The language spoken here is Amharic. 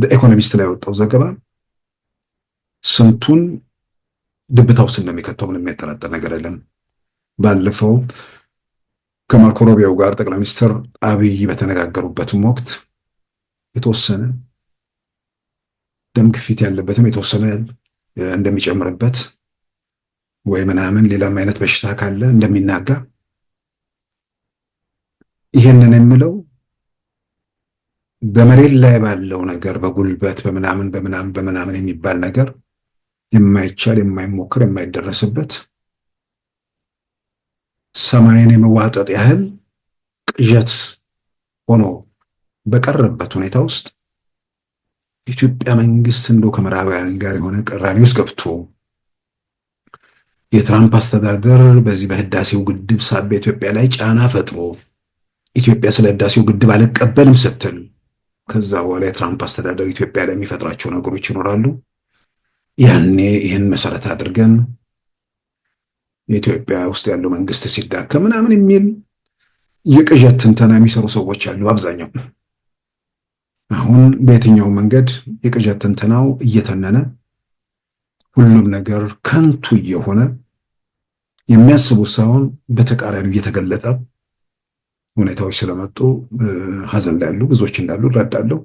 በኢኮኖሚስት ላይ የወጣው ዘገባ ስንቱን ድብታው ስን እንደሚከተው ምንም የሚያጠራጠር ነገር የለም። ባለፈው ከማርኮ ጋር ጠቅላይ ሚኒስትር አብይ በተነጋገሩበትም ወቅት የተወሰነ ደም ግፊት ያለበትም የተወሰነ እንደሚጨምርበት ወይ ምናምን ሌላም አይነት በሽታ ካለ እንደሚናጋ ይህንን የምለው በመሬት ላይ ባለው ነገር በጉልበት በምናምን በምናምን በምናምን የሚባል ነገር የማይቻል የማይሞክር የማይደረስበት ሰማይን የመዋጠጥ ያህል ቅዠት ሆኖ በቀረበት ሁኔታ ውስጥ የኢትዮጵያ መንግስት እንደ ከምዕራባውያን ጋር የሆነ ቅራኔ ውስጥ ገብቶ የትራምፕ አስተዳደር በዚህ በህዳሴው ግድብ ሳቢያ ኢትዮጵያ ላይ ጫና ፈጥሮ ኢትዮጵያ ስለ ህዳሴው ግድብ አልቀበልም ስትል ከዛ በኋላ የትራምፕ አስተዳደር ኢትዮጵያ የሚፈጥራቸው ነገሮች ይኖራሉ። ያኔ ይህን መሰረት አድርገን የኢትዮጵያ ውስጥ ያለው መንግስት ሲዳከም ምናምን የሚል የቅዠት ትንተና የሚሰሩ ሰዎች አሉ። አብዛኛው አሁን በየትኛው መንገድ የቅዠት ትንተናው እየተነነ ሁሉም ነገር ከንቱ እየሆነ የሚያስቡት ሳይሆን በተቃራኒው እየተገለጠ ሁኔታዎች ስለመጡ ሀዘን ላይ ያሉ ብዙዎች እንዳሉ እረዳለሁ።